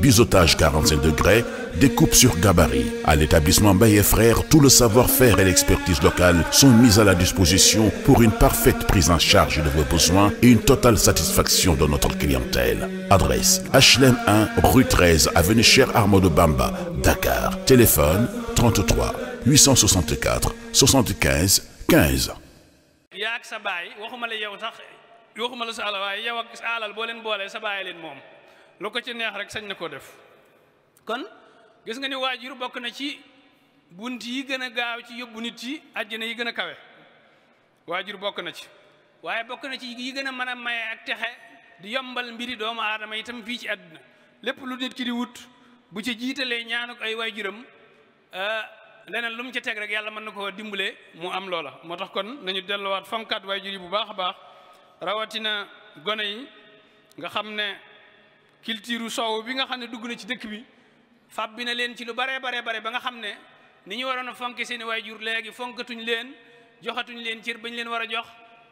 biseautage 45 degrés, découpe sur gabarit. À l'établissement Baye et Frères, tout le savoir-faire et l'expertise locale sont mis à la disposition pour une parfaite prise en charge de vos besoins et une totale satisfaction de notre clientèle. Adresse HLM 1, rue 13, avenue Cheikh Amadou Bamba, Dakar. Téléphone 33 lu ko ci neex rek sañ na koo def kon gis nga ni waajur bokk na ci bunt yi gën a gaaw ci yóbbu nit yi àjjana yi gën a kawe waajur bokk na ci waaye bokk na ci yi gën a mën a maye ak texe di yombal mbiri doomu aadama itam fii ci àddina lépp lu nit ki di wut bu ci jiitalee ñaanuk ay waajuram ah, leneen lu mu ca teg rek yàlla mën na koo dimbalee mu am loola moo tax kon nañu delluwaat fonkaat waajur yi bu baax a baax rawatina gone yi nga xam ne culture soow bi nga xam ne dugg na ci dëkk bi fab bi na leen ci lu baree baree bare ba nga xam ne ni ñu waroon a fonke seen i waajur léegi fonkatuñ leen joxatuñ leen cër bañ leen war a jox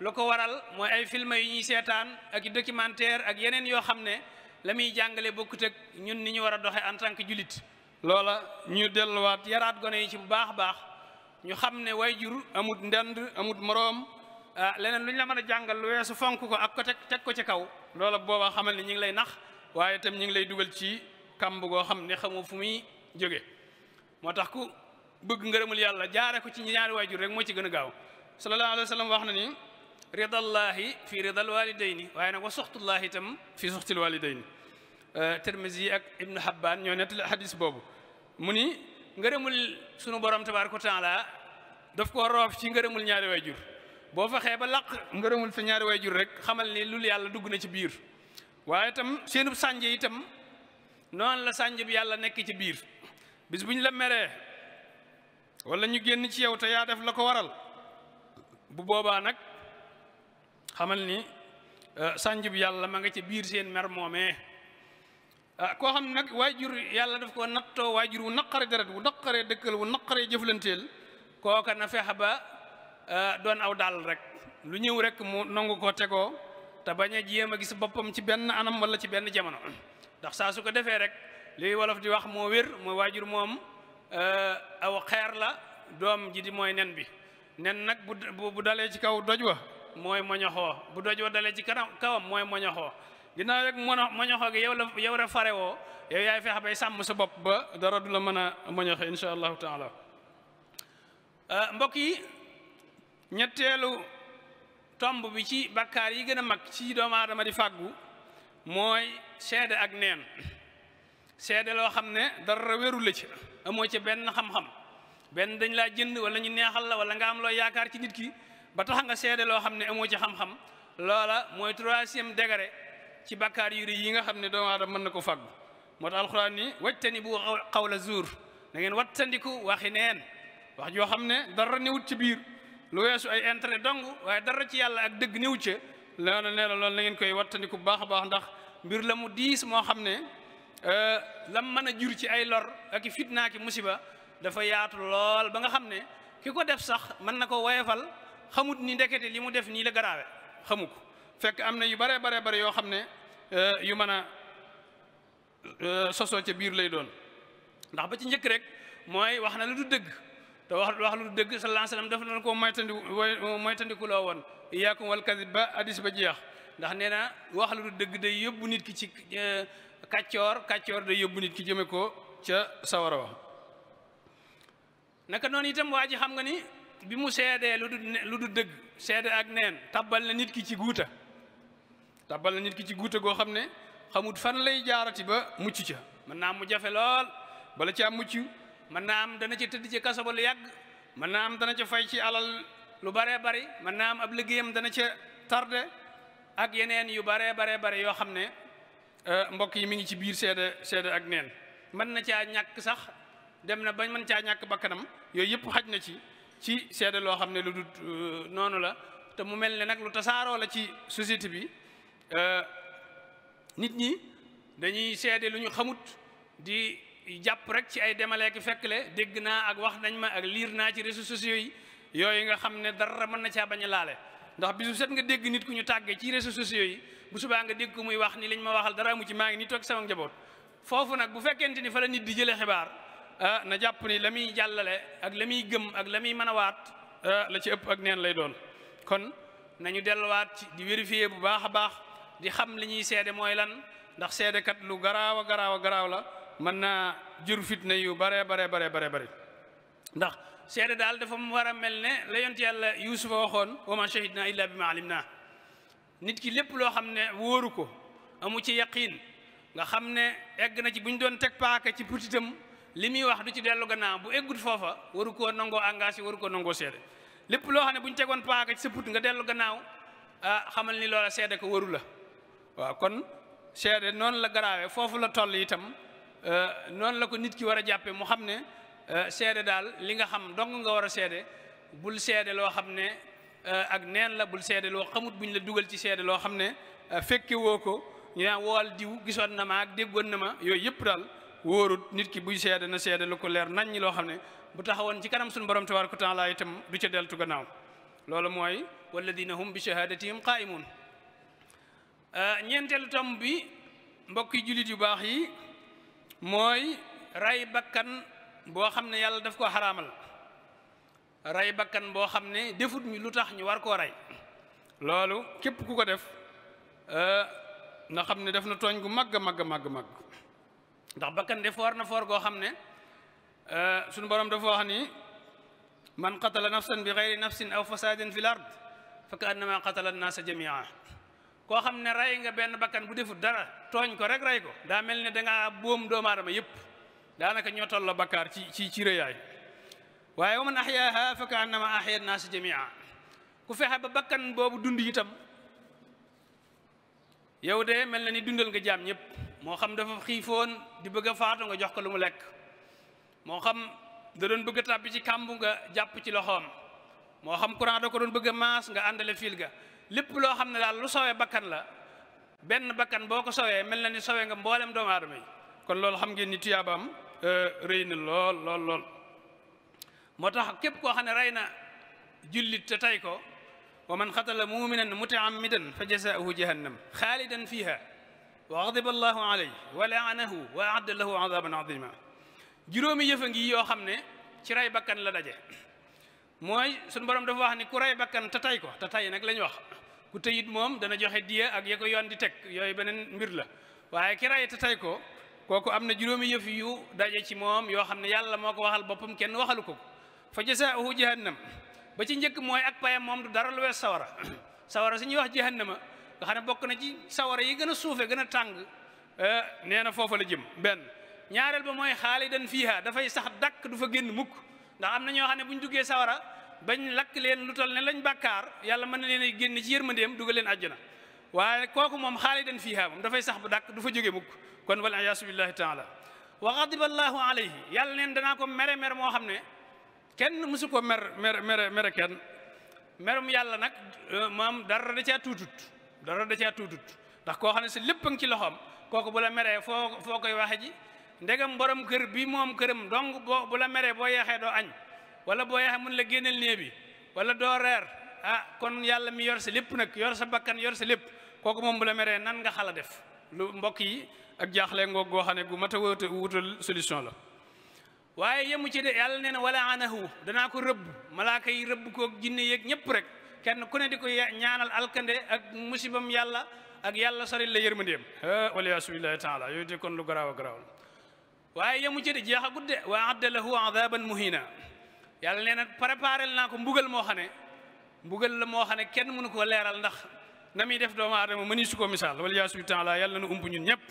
lu ko waral mooy ay film yi ñuy seetaan ak documentaire ak yeneen yoo xam ne la muy jàngale bokkut ñun ni ñu war a doxee en tant que julit loola ñu delluwaat yaraat gone yi ci bu baax a baax ñu xam ne waajur amut ndend amut moroom ah, leneen lu ñu la mën a jàngal lu weesu fonk ko ak ko teg ko ci kaw loola booba xamal ne ñu ngi lay nax waaye itam ñu ngi lay dugal ci kàmb goo xam ne xamoo fu muy jóge moo tax ku bëgg ngërëmul yàlla jaare ko ci ñaari waajur rek moo ci gën a gaaw sallallahu alayhi wa sallam wax na ni ridallahi fi ridal walidayni waaye na wa soxtullahi itam fi soxtil walidayni euh, Tirmizi ak Ibnu Habbaan ñoo nettali hadis boobu mu ni ngërëmul sunu borom tabaaraka taala daf koo roof ci ngërëmul ñaari waajur boo fexee ba laq ngërëmul sa ñaari waajur rek xamal ni lul yàlla dugg na ci biir waaye tam seenub sànje itam noonu la sànje bi yàlla nekk ci biir bis bu ñu la meree wala ñu génn ci yow te yaa def la ko waral bu boobaa nag xamal ni euh, sànje bi yàlla ma nga ci biir seen mer moomee ah koo xam nag waajur yàlla def ko nattoo waajur wu naqare deret wu naqaree dëkkal wu naqaree jëflanteel kooka na fexe ba euh, doon aw daal rek lu ñëw rek mu nangu ko tegoo te bañ a jéem a gis boppam ci benn anam wala ci benn jamono ndax saa su ko defee rek liy wolof di wax moo wér mooy waajur moom eh, aw xeer la doom ji di mooy nen bi nen nag bu bu dalee ci kaw doj wa mooy moñoxoo bu doj wa dalee ci kanam kawam mooy moñoxoo ginnaaw rek mono moñoxoo gi yow la yow la fare yow yaay fexe bay sàmm sa bopp ba dara du la mën a moñoxe insha allahu taala eh, mbokk ñetteelu tomb bi ci bakkaar yi gën a mag ci doomu aadama di fàggu mooy seede ak neen seede loo xam ne dara wéru la ci amoo ci benn xam-xam benn dañ laa jënd walla ñu neexal la wala nga am loo yaakaar ci nit ki ba tax nga seede loo xam ne amoo ci xam-xam loola mooy troisième degré ci bakkaar yu rëy yi nga xam ne doomu aadama mën na ko fàggu moo ta alxuraan ni wajtani bu xawla zuur da ngeen wattandiku waxi neen wax joo xam ne dara newut ci biir lu weesu ay intérêt dong waaye dara ci yàlla ak dëgg niw ca loolu nee lool loolu la ngeen koy wattandiku bu baax a baax ndax mbir la mu diis moo xam ne euh, lam mën a jur ci ay lor ak i fitna ki musiba dafa yaatu lool ba nga xam ne ki ko def sax man na ko woyefal xamut ni ndekete li mu def nii la garaawe xamu ko fekk am na yu bare bare bare yoo xam ne euh, yu mën a euh, sosoo ca biir lay doon ndax ba ci njëkk rek mooy wax na lu du dëgg te wax wax lu dëgg sallallahu alayhi dafa doon koo moytandi moytandiku loo woon iyaakum wal kadib ba hadis ba jeex ndax nee na wax lu dëgg day yóbbu nit ki ci eh, kàccoor kàccoor day yóbbu nit ki jëme ko ca sawara wax naka noonu itam waa ji xam nga ni bi mu seedee lu du dëgg seede ak neen tabbal na nit ki ci guuta tabbal na nit ki ci guuta goo xam ne xamut fan lay jaarati ba mucc ca mën naa mu jafe lool bala caa mucc mën naa am dana ci tëdd ci kaso ba lu yàgg mën naa dana ca fay ci alal lu baree bari mën naa am ab liggéeyam dana ca tarde ak yeneen yu baree baree bare yoo xam ne euh, mbokk yi mi ngi ci biir seede seede ak neen mën na caa ñàkk sax dem na bañ mën caa ñàkk bakkanam yooyu yëpp xaj na ci ci seede loo xam ne lu dut euh, noonu la te mu mel ne nag lu tasaaroo la ci société bi euh, nit ñi dañuy seede lu ñu xamut di jàpp rek ci ay demaleeki fekkle dégg naa ak wax nañ ma ak liir naa ci réseaux sociaux yi yooyu nga xam ne dara mën na caa bañ a laale ndax bisu set nga dégg nit ku ñu tàggee ci réseaux sociaux yi bu subaa nga dégg ko muy wax ni liñ ma waxal dara mu ci maa ngi nii toog sama njaboot foofu nag bu fekkente ni fa la nit di jëlee xibaar ah, na jàpp ni la muy jàllale ak la muy gëm ak la muy mën a waat ah, la ci ëpp ak neen lay doon kon nañu delluwaat ci di vérifier bu baax a baax di xam li ñuy seede mooy lan ndax seedekat lu garaaw a garaaw a garaaw la mën naa jur fitna yu bare bare bare bare bare ndax seede daal dafa mu war a mel ne la yont yàlla yuusufa waxoon wa ma shahidna illa bi ma alim naa nit ki lépp loo xam ne wóoru ko amu ci yaqiin nga xam ne egg na ci bu ñu doon teg paaka ci putitam li muy wax du ci dellu gannaaw bu eggut foofa waru koo nangoo engagé waru koo nangoo seede lépp loo xam ne bu ñu tegoon paaka ci sa put nga dellu gannaaw ah xamal ni loola seede ko waru la waaw kon seede noonu la garaawee foofu Euh, noonu la ko nit ki war a jàppe mu xam ne euh, seede daal li nga xam dong nga war a seede bul seede loo xam ne euh, ak neen la bul seede loo xamut buñ la dugal ci seede loo xam ne fekke woo ko ñu naan wool diw gisoon na ma ak déggoon na ma yooyu yëpp daal wóorut nit ki buy seede na seede lu ko leer nañ ñi loo xam ne bu taxawoon ci kanam suñu borom tabaaraka taala itam du ca deltu gannaaw loolu mooy walladina hum bi shahadatihim qaimun ñeenteelu tom bi mbokki jullit yu baax yi mooy rey bakkan boo xam ne yàlla def ko xaraamal rey bakkan boo xam ne defut ñu lu tax ñu war koo rey loolu képp ku ko def eh, nga xam ne def na tooñ gu màgg màgg màgg màgg ndax bakkan de foor na foor goo xam ne eh, sunu borom dafa wax ni man qatala nafsan bi gayri nafsin aw fasadin fil ard fa ka annama qatala annaasa jamia koo xam ne rey nga benn bakkan bu defut dara tooñ ko rek rey ko daa mel ne danga boom doomu aadama yépp daanaka ñoo tolloo bakkaar ci ci ci rëyaay waaye wa man ahyaaha fa kaannama ahyaa naasa jamia ku fexe ba bakkan boobu dund itam yow de mel na ni dundal nga jaam ñëpp moo xam dafa xiifoon di bëgga faato nga jox ko lu mu lekk moo xam da doon bëgg a tàbbi ci kàmb nga jàpp ci loxoom moo xam courant da ko doon bëgg a maas nga àndale fiil lépp loo xam ne daal lu sowee bakkan la benn bakkan boo ko sowe mel na ni sowee nga mboolem doomu aadama yi kon loolu xam ngeen ni tuyaabaam euh, rëy na lool lool lool moo tax képp koo xam ne rey na jullit te tey ko wa man xatala muminan mutaammidan fa jasaahu jahannam xaalidan fiha wa xadiba allahu aley wa laanahu wa aadda lahu adaban adima juróomi yëfa ngi yoo xam ne ci rey bakkan la daje mooy suñu borom dafa wax ni ku rey bakkan te tey ko te tey nag la ku tëyit moom dana joxe diya ak ya ko yoon di teg yooyu beneen mbir la waaye ki ray te tey ko kooku am na juróomi yëf yu daje ci moom yoo xam ne yàlla moo ko waxal boppam kenn waxalu ko fa jasaauhu jahannam ba ci njëkk mooy ak payam moom du dara lu wees sawara sawara si ñuy wax jahannama nga xam ne bokk na ci sawara yi gën a suufe gën a tàng eh, nee na foofa la jëm benn ñaareel ba mooy xaalidan fiiha dafay sax dakk du fa génn mukk ndax am na ñoo xam ne bañ lakk leen lu toll ne lañ bàkkaar yàlla mën na leen ay génn ci yërmandeem dugal leen àjjana waaye kooku moom xaalidan fiihaa moom dafay sax bu dàkk du fa jóge mukk kon wal iyaasu billahi taala wa xadiba allahu alayhi yàlla neen danaa ko mere mer moo xam ne kenn mësu ko mer mer mere mere kenn merum yàlla nag euh, maam dara da caa tuutut dara da caa tuutut ndax koo xam ne si lépp a ngi ci loxoom kooku bu la meree foo foo koy waxe ji ndegam borom kër bi moom këram donc boo bu la meree boo yeexee doo añ wala boo yaxe mun la génneel néeg bi wala doo reer ah kon yàlla mi yor sa lépp nag yor sa bakkan yor sa lépp kooku moom bu la meree nan nga xala def lu mbokk yi ak jaaxle ngoo goo xam ne gu mat a wóote wutal solution la waaye yemu ci de yàlla nee na wala anahu danaa ko rëbb malaaka yi rëbb koo jinne yeeg ñëpp rek kenn ku ne di ko ñaanal alkande ak musibam yàlla ak yàlla sori la yërmandeem waliyaasu billahi taala yooyu te kon lu garaaw a garaaw waaye yemu de yàlla nee na préparé naa ko mbugal moo xam ne mbugal la moo xam ne kenn mënu koo leeral ndax na muy def doomu aadama mëni su ko misaal wala yaa subi taala yàlla na ump ñun ñëpp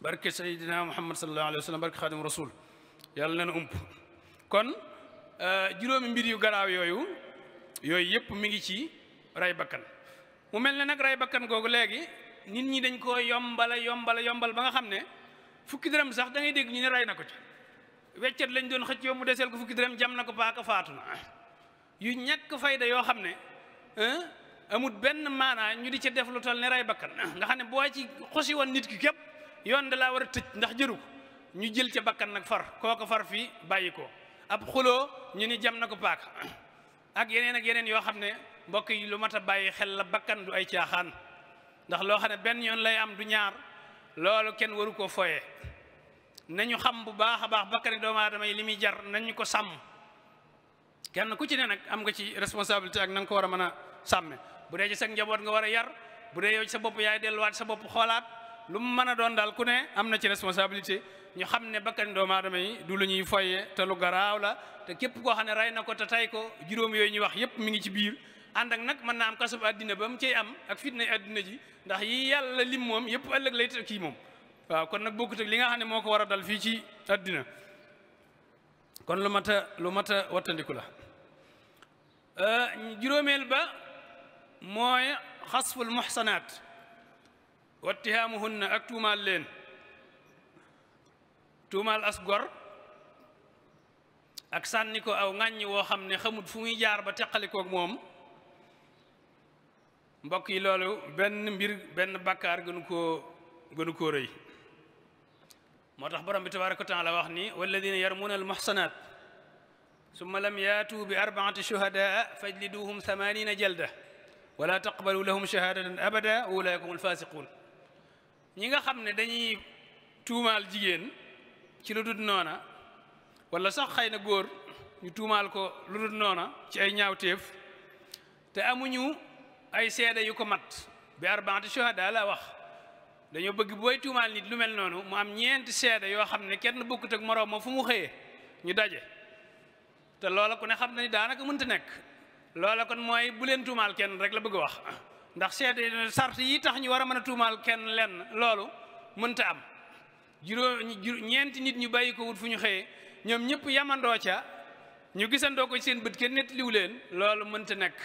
barke sayyidina muhammad sallallahu alayhi wa sallam barke xaadimu rasul yàlla na ump kon euh, juróomi mbir yu garaaw yooyu yooyu yëpp mi ngi ci bakkan mu mel ne nag ray bakkan kooku léegi nit ñi dañ koo yombala yombala yombal ba nga xam ne fukki dërëm sax da ngay dégg ñu ne ray na ko ci weccet lañ doon xëccoo mu deseel ko fukki dërëm jam na ko paaka faatu na yu ñekk fayda yoo xam ne amut benn maanaa ñu di ca def lu toll ne bakkan nga xam ne boo ci xosi woon nit ki képp yoon da laa war a tëj ndax jëru ñu jël ca bakkan nag far kooko far fii bàyyi ko ab xuloo ñu ni jam na ko paaka ak yeneen ak yeneen yoo xam ne mbokk yi lu mat a bàyyi xel la bakkan du ay caaxaan ndax loo xam ne benn yoon lay am du ñaar loolu kenn waru koo fooye nañu xam bu baax a baax bakkari doomu aadama yi li muy jar nañu ko sàmm kenn ku ci ne nag am nga ci responsabilité ak na nga ko war a mën a sàmme bu dee ci sa njaboot nga war a yar bu dee yow sa bopp yaay delluwaat sa bopp xoolaat lu mu mën a doon daal ku ne am na ci responsabilité ñu xam ne bakkani doomu aadama yi du lu ñuy foye te lu garaaw la te képp koo xam ne rey na ko te tay ko juróom yooyu ñuy wax yépp mi ngi ci biir ànd ak nag mën naa am kasub àddina ba mu cey am ak fitna àddina ji ndax yi yàlla lim moom yépp ëllëg lay kii moom waaw kon nag bokkut ak li nga xam ne moo ko war a dal fii ci àddina kon lu mat a lu mat a la eh, juróomeel ba mooy xasful muxsanaat wattihaamuhunna ak tuumaal leen tuumaal as gor ak sànni ko aw ŋàññi woo xam ne xamut fu muy jaar ba teqalikook moom mbokk yi loolu benn mbir benn bàkkaar gënu koo gënu koo rëy moo tax borom bi tabaraka wa taala wax ni walladina yarmuuna almuxsanaat summa lam yaatu bi arbaati shuhadaa fajliduuhum thamanina jalda wala taqbalu lahum shahadatan abada ulaika hum alfasiquun ñi nga xam ne dañuy tuumaal jigéen ci lu noona wala sax xëy na góor ñu tuumaal ko lu noona ci ay ñaawteef te amuñu ay seede yu ko mat bi arbaati shuhadaa la wax dañoo bëgg booy tuumaal nit lu mel noonu mu am ñeenti seede yoo xam ne kenn bokkut ak moroom ma fu mu xëyee ñu daje te loola ku ne xam na ni daanaka mënta nekk loola kon mooy bu leen tuumaal kenn rek la bëgg a ndax seede sart yi tax ñu war a mën a tuumaal kenn lenn loolu mënta am juróom ñeenti nit ñu bàyyi ko wut fu ñu xëyee ñoom ñëpp yamandoo ca ñu gisandoo ko ci bët kenn nettaliwu leen loolu mënta nekk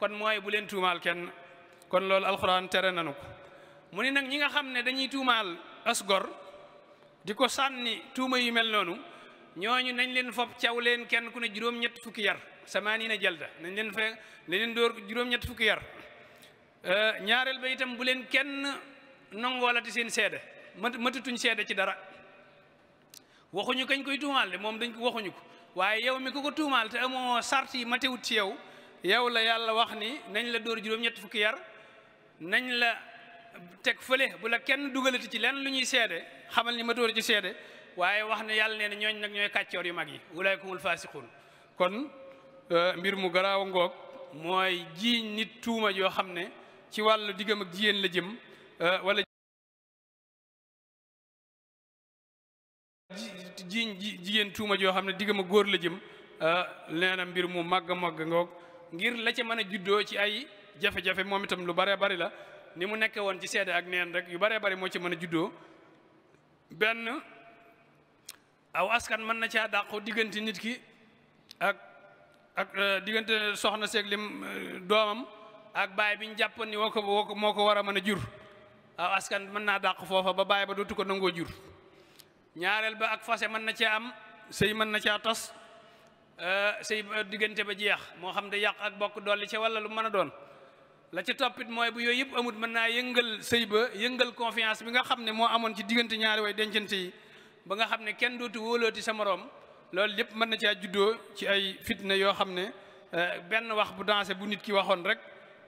kon mooy bu leen tuumaal kenn kon loolu alxuraan tere nanu ko mu ne nag ñi nga xam ne dañuy tuumaal asgor di ko sànni tuuma yu mel noonu ñooñu nañ leen fopp caw leen kenn ku ne juróom-ñett fukki yar samaani na jalda nañ leen fee nañ leen dóor juróom-ñett ñaareel ba itam bu leen kenn nongoolati seen seede mat matatuñ seede ci dara waxuñu kañ koy tuumaal moom dañ ko waxuñu ko waaye yow mi ko tuumaal te sart yi ci yow yow la yàlla wax ni nañ la dóor juróom-ñett fukki yar nañ la teg fële bu la kenn dugalati ci lenn lu ñuy seede xamal ni ma tóor ci seede waaye wax na yàlla nee na ñooñ nag ñooy yu mag yi ulaayikumul faasiquun kon euh, mbir mu garaaw ngoog mooy jiiñ nit tuuma yoo xam ne ci wàllu diggam ak jigéen la jëm euh, wala jiiñ jigéen xam ne diggam ak góor la jëm euh, nee mbir mu màgg a ngir la ca mën a juddoo ci ay jafe moom itam lu bare bari la ni mu nekke woon ci seede ak neen rek yu baree bari moo ci mën a juddoo benn aw askan mën na caa dàqu diggante nit ki ak ak euh, diggante soxna seeg lim euh, doomam ak baay bi ñu jàppoon ni woo ko moo ko war a mën a jur aw askan mën naa dàq foofa ba baay ba dootu ko nangoo jur ñaareel ba ak fase mën na caa am sëy mën na caa tas euh, sëy diggante ba jeex moo xam ne yàq ak bokk dolli ca walla lu mën a doon la ca toppit mooy bu yooyu yëpp amut mën naa yëngal sëy ba yëngal confiance bi nga xam ne moo amoon ci diggante ñaari way dencante yi ba nga xam ne kenn dootu wóolooti sa moroom loolu lépp mën na ci caa juddoo ci ay fitna yoo xam ne eh, benn wax bu dansé bu nit ki waxoon rek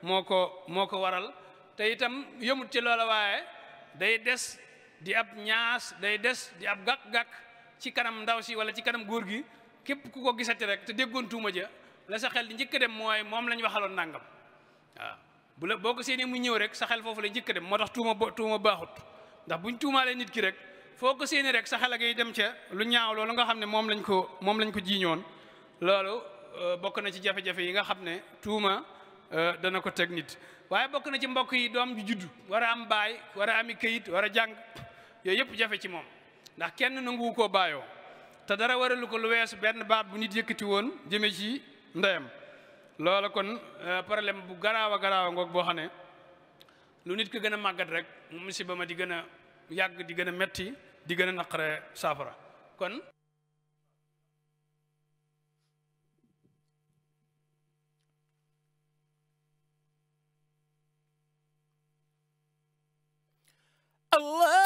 moo ko moo ko waral te itam yëmut ci loola waaye day des di ab ñaas day des di ab gàkk-gàkk ci kanam ndaw si wala ci kanam góor gi képp ku ko gisati rek te déggoon tuuma ja la sa xel di njëkk dem moom la ñu waxaloon nangam bu la boo ko séenee mu ñëw rek sa xel foofu la njëkk dem moo tax tuuma tuuma baaxut ndax bu buñ tuumaalee nit ki rek foo ko séenee rek sa xel a ngay dem ca lu ñaaw loolu nga xam ne moom lañ ko moom lañ ko jiiñoon loolu euh, bokk na ci jafe-jafe yi nga xam ne tuuma euh, dana ko teg nit waaye bokk na ci mbokk yi doom ju juddu war a am baay war a ami kayit war a jàng yooyu yëpp jafe ci moom ndax kenn nanguwu ko baayoo te dara waralu ko lu weesu benn baat bu nit yëkkati woon jëme ci ndeyam loola kon euh, problème bu garaaw a garaaw a ngoog boo xam ne lu nit ki gën a màggat rek musiba ma di gën a yàgg di gën a metti di gën a naqare saafara kon Allah